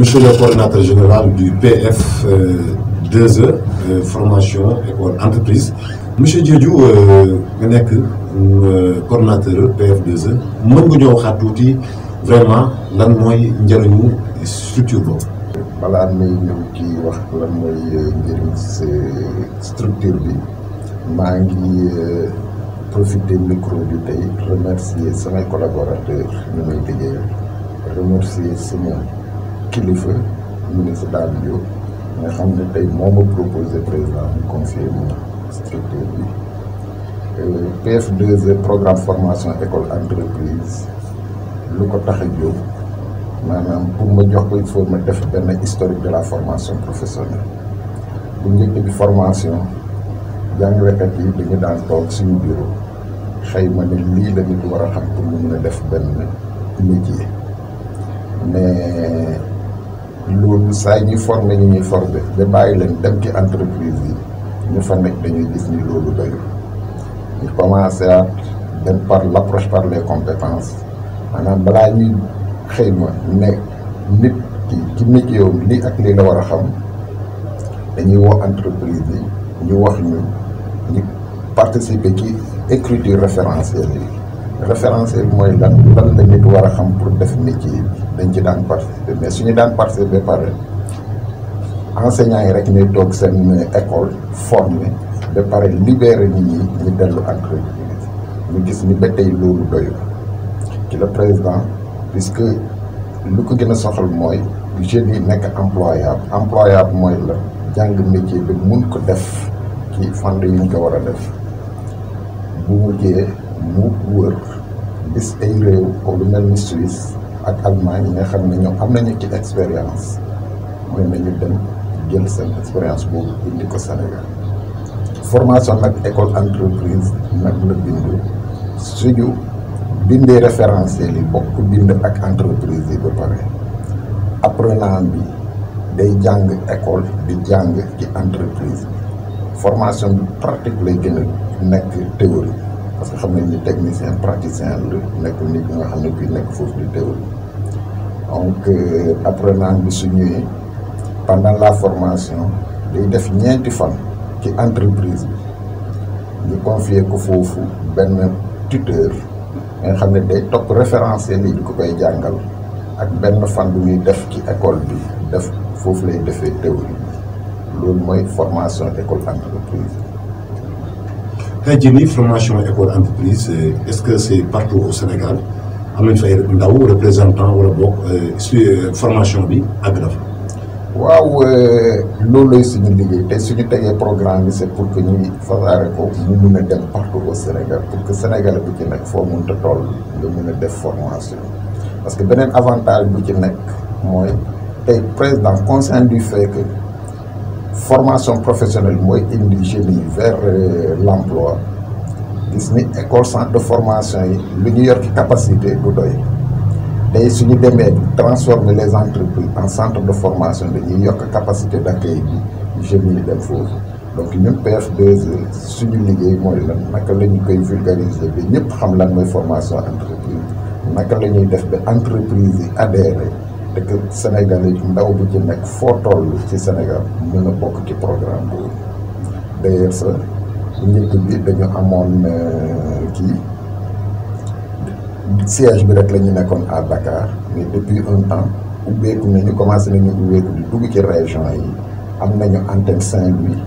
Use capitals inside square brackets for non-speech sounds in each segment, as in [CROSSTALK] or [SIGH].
monsieur le coordinateur général du pf 2 euh, e, euh, formation école entreprise monsieur Diédhiou euh, nga nekk coordinateur PF2E ñëw xaat tuuti vraiment lan mooy njëriñu structure boobu. balaa bi maa ngi profiter micro bi tey remercier samay collaborateurs ñu may liggéeyal remercier sama. kilifa ministre Dame Diop nga xam ne tey moo ma proposé président mu confier mu structure euh, pf 2 programme formation école entreprise lu ko tax a jóg maanaam pour ma jox koy il ma def benn historique de la formation professionnelle bu njëkk bi formation jàngalekat yi dañu daan toog suñu bureau xayma ne lii la nit war a xam pour mu def benn métier mais loolu saa ñi ñuy formé ñu ñuy formé ba bàyyi leen dem ci entreprise yi ñu fa nekk dañuy gis ni loolu doyul ñu commencé at dem par l' approche par les compétences maanaam balaa ñuy xëy ma ne nit ki ci métier am lii ak lii la war a xam dañuy woo entreprise yi ñu wax ñu ñu participer ci écriture référentielle yi. référentiel bi mooy lan lan la nit war a xam pour def métier bi dañ ci daan participer mais suñu daan participer ba pare enseignants yi rek ñuy toog seen école formé ba pare libéré nit ñi ñu dellu entreprise ñu gis ni ba tey loolu doyul ci la président puisque lu ko gën a soxal mooy jeunes yi nekk employable employable mooy la jàng métier bi mun ko def ci fànn yi ñu ko war a def bu mujjee mu wër gis ay réew comme lu mel ni Suisse ak Allemagne yi nga xam ne ñoom am nañu ci expérience mooy nañu dem jël seen expérience boobu indi ko Sénégal formation nag école entreprise nag la bindu suñu bindee référentiel yi bokk bind ak entreprise yi ba pare apprenant bi day jàng école di jàng ci entreprise bi formation bi pratique lay gën nekk théorie parce que xam nañ ni technicien praticien la nekkul nit ku nga xam ne kii nekk foofu di teewul donc euh, apprenant bi su ñëwee pendant la formation day def ñeenti fan ci entreprise bi ñu confier ko foofu benn tuteur nga xam ne day topp référencé lii di ko koy jàngal ak benn fan bu ñuy def ci école bi def foofu lay defee théorie loolu mooy formation école entreprise tey jii nii formation école entreprise euh, est-ce que c'est partout au Sénégal am nañ fay ndaw représentant wala bokk euh, su euh, formation bi àgg na fa. waaw loolu suñu liggéey tey suñu tegee programme bi c'est pour que ñu fasaare ko mu mun a dem partout au Sénégal pour que Sénégal bu ci nekk foo te toll nga mun a def formation parce que beneen avantage bu ci nekk mooy te président conscient du fait formation professionnelle mooy indi jeunes yi vers euh, l'emploi gis ni école centre de formation yi lu ñu yor capacité du doy tey suñu demee transformer les entreprises en centre de formation dañuy yokk capacité d'accueil bi jeunes yi dem foofu donc ñun PF2E suñu liggéey mooy la naka la ñu koy vulgariser bi ñëpp xam lan mooy formation entreprise naka la ñuy def ba entreprise yi adhéré et que Sénégalais yi ndaw bu ci nekk foo toll ci Sénégal mën a bokk ci programme boobu d'ailleurs sa njëkk bi dañu amoon euh, kii siège bi rek la nekkoon à Dakar mais depuis un temps ubbeeku nañu commencé nañu ubbeeku di dugg ci région yi am nañu antenne Saint-Louis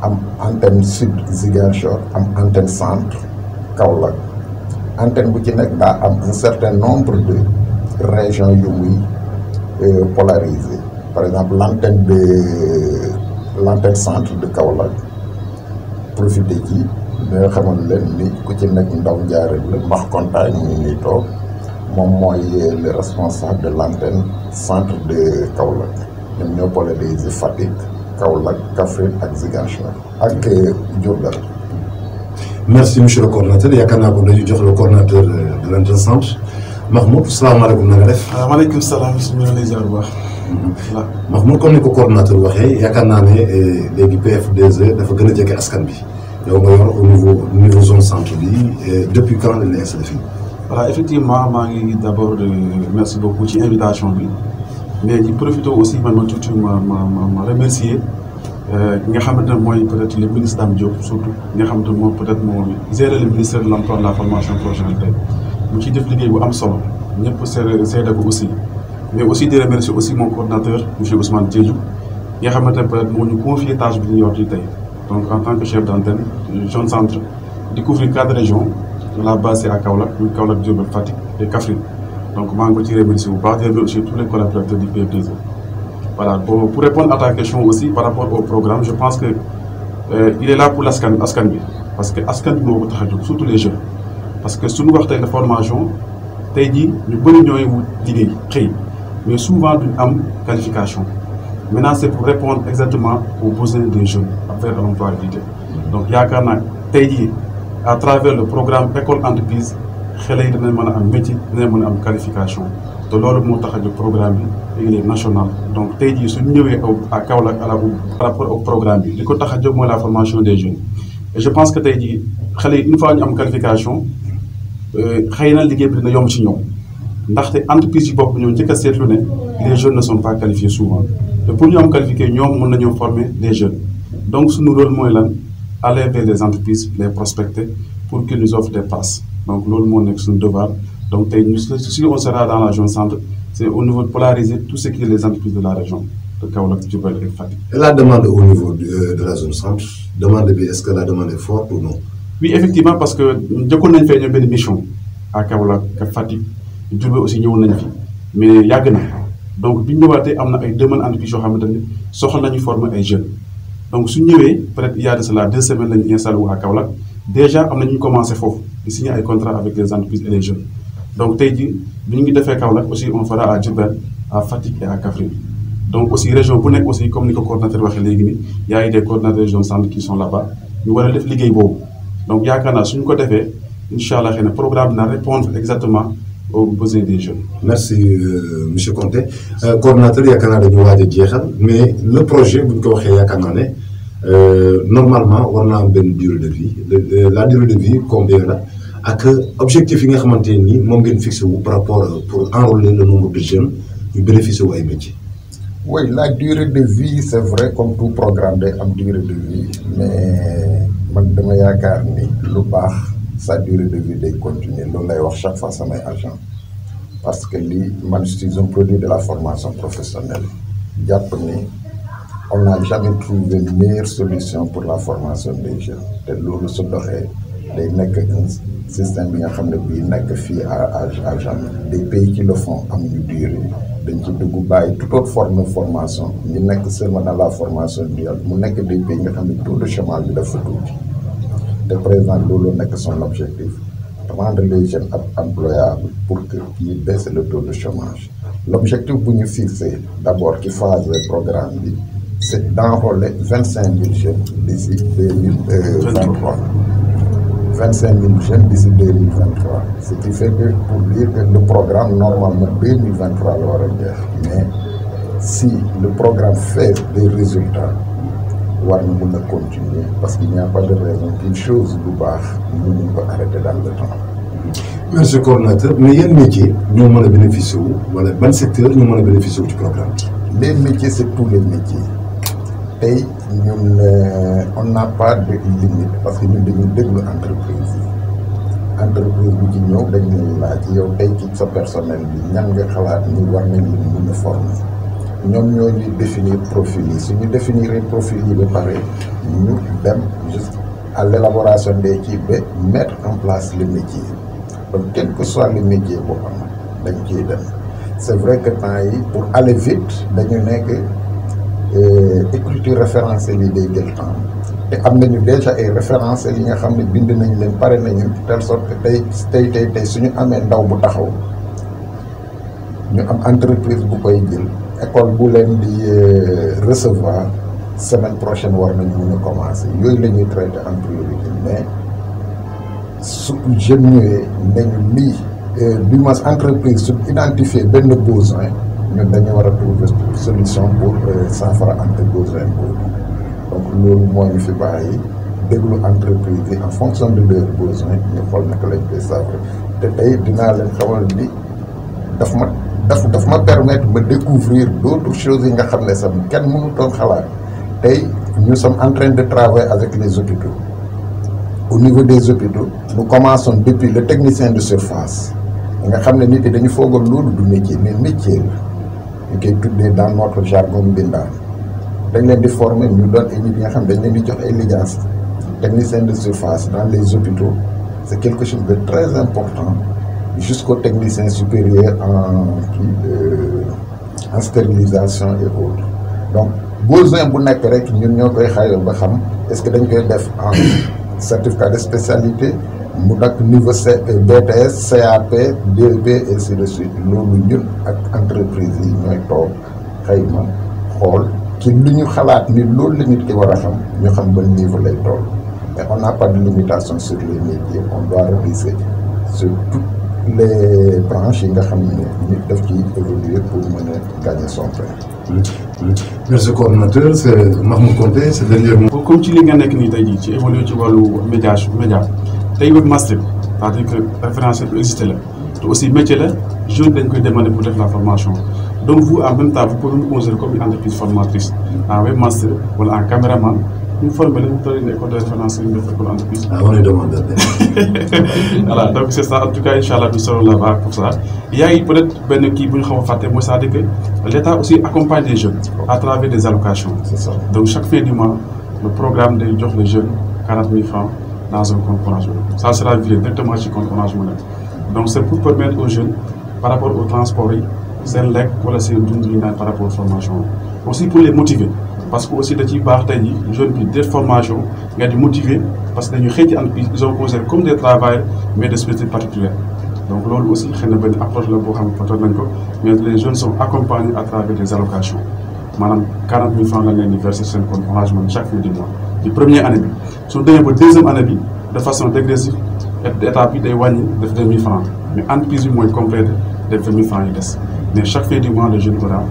am antenne sud Ziguinchor am antenne centre Kaolack antenne bu ci nekk daa am un certain nombre de régions yu muy Euh, polarisées. Par exemple, l'antenne de l'antenne centre de Kaolack profité ci nga xamal leen ni ku ci nekk ndaw njaareem la mbax kontaan ñu ngi toog moom mooy le responsable de l'antenne centre de Kaolack ñoom ñoo polarisé Fatick Kaolack Kaffrine ak Ziguinchor ak euh, Diourbel. merci monsieur le coordonnateur yaakaar naa ko dañu jox le coordonnateur euh, de l'antenne centre. Mahmoud salaamaaleykum na nga def. waaw ah, maaleykum salaam suñu lay ziar bu baax. Mm-hmm. Mahmoud comme ni ko coordonnateur waxee yaakaar naa ne eh, léegi pf des e dafa gën a jege askan bi yow nga yor zone centre bi eh, depuis quand lañ la installé maa ngi d' abord euh, merci beaucoup ci invitation bi mais di profité aussi man ma tuuti ma ma ma remercier euh, ki nga xamante ne mooy peut être le ministre Dame Diop surtout ki nga xamante moom peut être moo géré de l' emploi de la formation mu ci def liggéey bu am solo ñëpp seede seede ko aussi mais aussi di remercier aussi mon coordonnateur monsieur Ousmane Diédhiou yi nga xamante ne peut être moo ñu confier tâche bi ñu yor ci tey donc en tant que chef d' jeune centre di couvrir quatre régions la base c'est à Kaolack muy Kaolack Diourbel Fatick et Kaffrine donc maa ngi ko ci remercier bu baax di remercier tous les collaborateurs du PMDG. E. voilà bon pour répondre à ta question aussi par rapport au programme je pense que euh, il est là askan bi parce que askan bi moo ko les jeunes. parce que suñu wax tey de formation tey jii ñu bëri ñooy wut liggéey xëy mais souvent duñ am qualification maintenant c' est pour répondre exactement aux besoins des jeunes vers l'employabilité donc yaakaar naa tey jii à travers le programme école entreprise xale yi dinañ mën a am métier dinañ mën a am qualification te loolu moo tax a jóg programme bi il est national donc tey jii suñu ñëwee à Kaolack à la par rapport au programme bi li ko tax a jóg mooy la formation des jeunes et pense que tey jii xale yi une fois xëy na liggéey bi na yomb ci ñoom ndaxte entreprise yi bopp ñoo njëkk a seetlu ne les jeunes ne sont pas qualifiés souvent te pour ñu am ñoom mën nañoo former des jeunes donc suñu rôle mooy lan aller vers les entreprises les prospecter pour qu'ils nous offrent des donc loolu moo nekk suñu devoir donc tey ñu si on sera dans la zone centre c'est au niveau de polariser tout ce qui les entreprises de la région de Kaolack la demande au niveau de, euh, de la oui effectivement parce que jëkkoon nañ fee ñoom benn mission à Kaolack ak Fatick Diourbel aussi ñëwoon nañ fi mais yàgg na donc bi ñu ñëwaatee am na ay demandes entreprises yoo xamante ne soxla nañu former ay jeunes donc su ñëwee peut-être il y a de cela deux semaines la ñu installé wu déjà am na ñu commencé foofu di signer ay contrat avec les entreprises et les jeunes donc tey jii bi ñu ngi defee Kaolack aussi on fera à Diourbel à Fatick et à Kaffrine donc aussi région bu nekk aussi comme a des a def liggéey donc yaakaar naa suñu ko defee incha allah xëy na programme na répondre exactement aux besoins des jeunes. merci euh, monsieur Konté euh, coordonnateur yaakaar naa dañu waaj a jeexal mais le projet bu ko waxee yaakaar naa ne euh, normalement war naa am benn durée de vie la durée de vie combien la ak objectif yi nga xamante ne nii moom ngeen fixé wu par rapport euh, pour enrôler le nombre de jeunes yu bénéficié wu ay métiers. oui la durée de vie c'est vrai comme tout programme day am durée de vie man dama yaakaar ni lu baax sa dure de vie continuer loolu lay wax chaque fois samay agent parce que li man je suis produit de la formation professionnelle jàpp ni on n'a jamais trouvé meilleure solution pour la formation des jeunes te loolu su doxee day nekk système bi nga xam ne bii nekk fii à à à jamais des pays qui le font amuñu durée. dañ ci dugg bàyyi toute autre forme formation ñu nekk seulement dans la formation duale mu nekk des pays nga xam ne taux le chômage bi dafa tuuti te président loolu nekk son objectif rendre les jeunes employables pour que ñu baisse le taux de chômage l'objectif bu ñu fixé d'abord ci phase programme bi c'est d'enrôler vingt cinq mille jeunes d'ici deux mille euh, vingt-trois vingt cinq mille jeunes d'ici vingt trois ce qui fait que pour dire que le programme normalement deux mille vingt trois la war a mais si le programme fait des résultats war na mën continuer parce qu'il n'y a pas de raison qu'une chose bu baax mu mënuñ ko arrêter dans le temps merci coordonnateur mais yan métier ñoo mën a bénéficier wu wala ban secteur ñoo mën a bénéficier wu ci programme les métiers c'est tous les métiers tey ñun euh, on n'a pas de limite parce que ñun dañuy déglu entreprise yi entreprise bu ci ñëw dañ lay laaj yow tey ci sa personnel bi ñan nga xalaat ni war nañ leen mën a ñoom ñoo ñuy définir profil yi ñu définir profil yi ba pare ñu dem juste à l'élaboration des kii ba mettre en place le métier donc quel que soit le métier boo xam dañ ci dem c'est vrai que temps yi pour aller vite dañu nekk écriture référentielle yi day jël temps te am nañu déjà ay référentiels yi nga xam ne bind nañ leen pare nañu telle sorte que tey tey tey tey suñu amee ndaw bu taxaw ñu am entreprise bu koy jël école bu leen di euh, recevoir semaine prochaine war nañu mun a commencer yooyu la ñuy traiter en priorité mais su jeune ñëwee nañu lii euh, du moins entreprise su identifier benn besoin ñun dañu war a trouver solution pour euh, saafara entreprise impôt donc loolu moo ñu fi bàyyi déglu entreprise yi en fonction de leurs besoins ñu xool naka lañ koy saafara te tey dinaa leen xamal ni daf ma daf daf ma permettre ma découvrir d' autres yi nga xam ne sax kenn mënu toon xalaat tey nous sommes en de travailler avec les hôpitaux au niveau des hôpitaux nous on depuis le technicien de surface nga xam ne nit yi dañu foogoon loolu du métier mais métier la ñu koy tuddee dans notre jargon mbindaan dañ leen di former ñu doon ay nit nga xam dañ leen di jox ay lijaas technicien de surface dans les hôpitaux c' est quelque chose de très important jusqu'au technicien supérieur en euh, en stérilisation et autres donc besoin bu nekk rek ñu ñoo koy xayma ba xam est-ce que dañ koy def en certificat de spécialité mu dakk niveau euh, BTS CAP DEP et ainsi de suite loolu ñun ak entreprise yi ñooy toog xayma xool ci li ñu xalaat ni loolu la ki war a xam ñu xam ba niveau lay toll mais on n'a pas de limitation sur les métiers on doit réviser sur toutes les branches yi nga xam ne nit daf ciy évoluer pour mën a gagner son pain. Merci coordonnateur c'est Mahmoud Konté c'est dernier mot. comme ci li nga nekk nii tey jii ci évoluer ci wàllu médiation média. tey web master cest à que référentiel bu existé la te aussi métier la jeune dañ koy demander pour def la formation donc vous en même temps vous pouvez nous considérer comme une entreprise formatrice en web master wala en caméraman ñu formé la ñu toll nii école de référence ñu def école entreprise. ah on est demandeur [LAUGHS] voilà donc c' est en tout cas incha allah nous serons là-bas pour ça. yaa ngi peut être benn kii bu ñu xaw a fàtte mooy c'est-à-dire que l' état à travers des allocations. c' est ça donc chaque fin du mois le programme day dans un compte Orange Money. Ça sera viré directement ci compte Orange Money. donc c'est pour permettre aux jeunes par rapport au transport yi seen lekk wala seen dund yi naan par rapport formation aussi pour les motiver parce que aussi da ciy baax tey jii jeune bi def formation nga di motiver parce que dañu xëy ci entreprise ils comme des travailleurs mais de spécialité particulière donc loolu aussi xëy na benn la boo xam ne fatoon ci première année bi su demee ba deuxième année bi de façon dégressive état bi day wàññi def deux mille francs mais entreprise bi mooy complété def mille francs yu des mais mois le jeune aura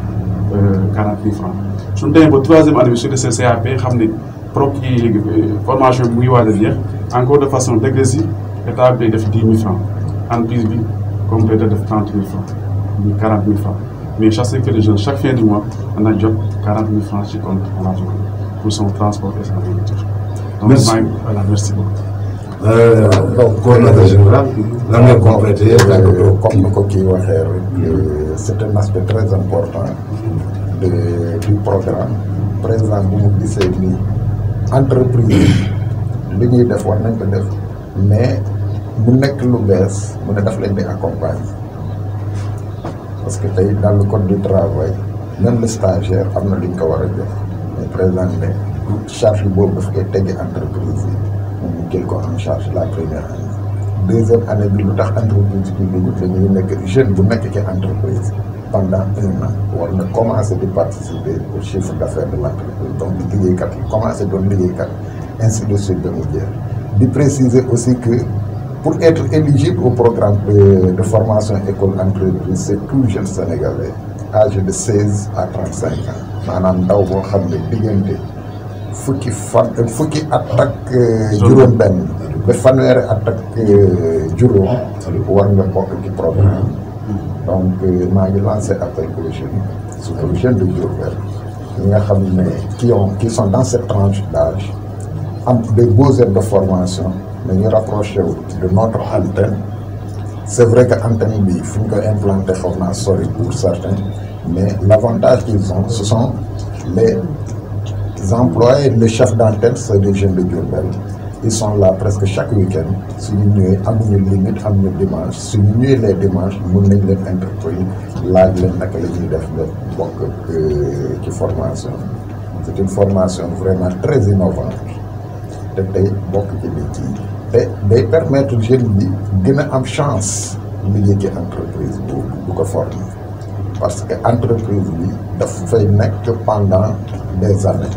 euh, su demee ba troisième année bi su desee CAP xam ne pro kii euh, formation bi mu ngi waaj a jeex encore de façon dégressive état bi day def dix mille francs entreprise bi complété def trente mille francs mais chaque fin du mois dana jot quarante mille francs ci compte pour son transport et sa nourriture. merci donc comme ni ko kii waxee rek. c' est un aspect très important. de du programme. président bu mu gisee nii. entreprise li ñuy def war nañ ko def. mais mu nekk lu bees mu ne daf leen accompagne parce que tey dans le code du travail même le stagiaire am na lu ñu ko war a jox. présenté charge boobu daf koy tegg entreprise yi ñu jël ko en charge la première année deuxième année bi lu tax entreprise bi dugg te ñuy nekk jeune bu nekk ci entreprise pendant un an war na commencé di participer au chiffre d'affaires de l'entreprise donc di liggéeykat yi commencé doon liggéeykat ainsi de suite ba mu di préciser aussi que pour être éligible au programme euh, de formation école entreprise c'est tout jeune sénégalais a de seize à trente cinq maanaam ndaw boo xam ne diggante fukki fan fukki at ak euh, juróom benn ba fanweeri at ak euh, juróom war nga bokk ci programme ah. donc euh, maa ngi lancé appel pour les jeunes surtout les de Diourbel nga xam ne qui ont qui sont dans cette tranche d'âge am de beaux aires de formation nañu rapproché wu de notre antenne c'est vrai que antenne bi fu ñu ko implanté xaw naa sori pour certains Mais l'avantage qu'ils ont, ce sont les employés, les chefs d'antenne, c'est des jeunes de Diourbel. Ils sont là presque chaque week-end. su ñu ñëwee amuñu limite amuñu dimanche su ñu ñëwee les dimanches mën nañ leen interpeller laaj leen naka la ñuy def la bokk euh, ci formation c'est une formation vraiment très innovante te tey bokk ci métier yi te day permettre jeune bi dina am chance liggéey ci entreprise bu ko former parce que entreprise bi daf fay nekk pendant des années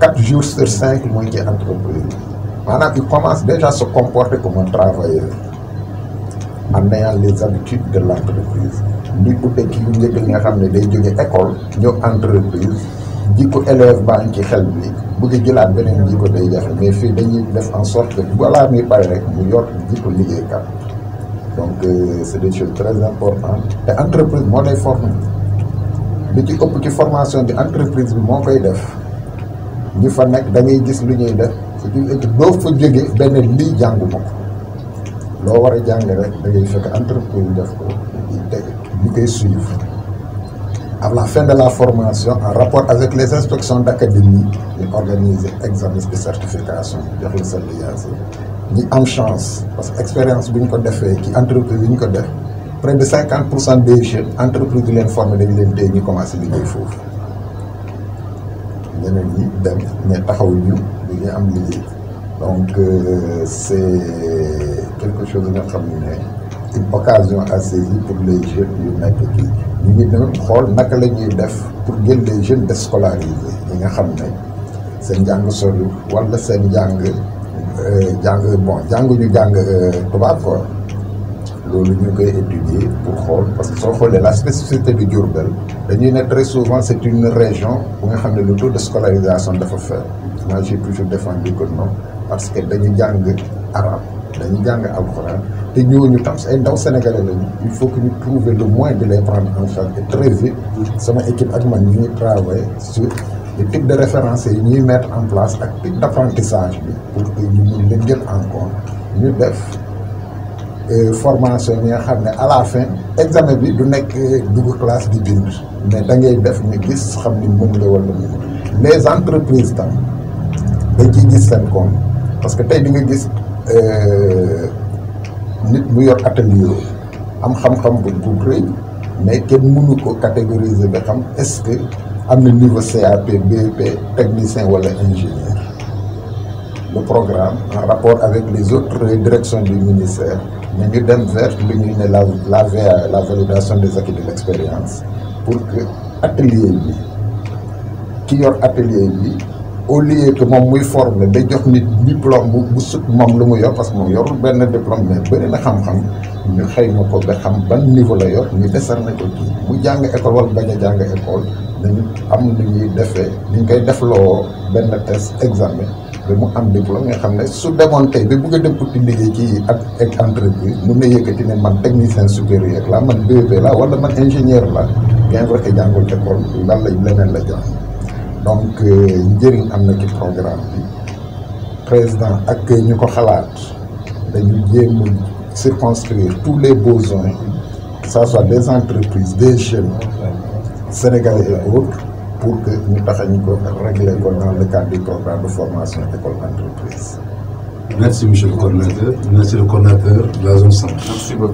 quatre jours sur cinq mooy ci entreprise bi maanaam il commence déjà à se comporter comme un travailleur en ayant les habitudes de l'entreprise li ute ki njëkk nga xam ne day jóge école ñëw entreprise jikko élève baa ngi ci xel bi bëgg a jëlaat beneen jikko day jafe mais fii dañuy def en sorte que balaa pare rek mu yor jikko liggéeykat donc euh, c'est des choses très importantes te entreprise moo lay former li ci ëpp ci formation bi entreprise bi moo koy def ñi fa nekk da ngay gis lu ñuy def su ci doo fa jógee benn lii jàngu ko loo war a jàng rek da ngay fekk entreprise def ko te ñu koy suivre à la fin de la formation en rapport avec les inspections d'académie ñu organiser examen de certification jox la sa liasse ñi am chance parce que expérience bi ñu ko defee ci entreprise bi ñu ko def près de cinquante pour cent des jeunes entreprise bi leen formé dañu leen téye ñu commencé liggéey foofu ñeneen ñi dem mais taxawuñu ñu dañuy am liggéey donc euh, c' est quelque chose nga xam ne une occasion à saisir pour les jeunes yu nekk ci ñu ngi dem xool naka la ñuy def pour jël les jeunes déscolarisés yi nga xam ne seen njàng soriwul wala seen njàng. jàng bon ñu jàng euh, tubaab quoi loolu ñu koy étudier pour xool parce que soo xoolee la spécificité du Diourbel dañuy ne très souvent c' est une région bu nga xam ne le taux de scolarisation dafa faible moi j'ai toujours défendu que parce que dañu jàng arabe dañu jàng alxuraan te ñooñu tam ay ndaw sénégalais lañu il faut que ñu trouver le moyen de les prendre en charge très vite sama équipe ak man ñu ñu travailler sur te de référence yi ñuy mettre en place ak type d' apprentissage bi pour que ñu mun leen en compte ñu def euh, formation yi nga xam ne à la fin examen bi du nekk euh, dugg classe di bind mais da ngay def ñu gis xam ni mun nga wala mun les entreprises tam dañ ci gis seen compte parce que tey di nga gis euh, nit mu yor atelier am xam-xam bu bu rëy mais kenn mënu ko catégoriser ba xam est-ce que am na niveau CAP BEP technicien wala ingénieur le programme en rapport avec les autres directions du ministère ñu ngi dem vers li ñuy ne la la VA la validation des acquis de l'expérience pour que atelier bi ki yor atelier bi au lieu que moom muy formé da jox nit diplôme bu sut moom lu mu yor parce que moom yorul benn diplôme mais bëri na xam-xam ñu xayma ko ba xam ban niveau la yor ñu décerné ko ci mu jàng école wala bañ a jàng école dañu am lu ñuy defee ñu koy defloo benn test examen ba mu am diplôme nga xam ne su demoon tey ba bëgg a dem uti liggéey ci ak ak bi mun na yëkkati ne man technicien supérieur la man BEP la wala man ingénieur la bien vrai que jàngul école lan la leneen la jàng donc euh, njëriñ am na ci programme bi président ak ñu ko xalaat dañu jéem circonscrire tous les besoins que ça soit des entreprises des jeunes sénégalais et autres pour que ñu tax ñu ko régler ko dans le cadre du programme de formation école entreprise merci monsieur le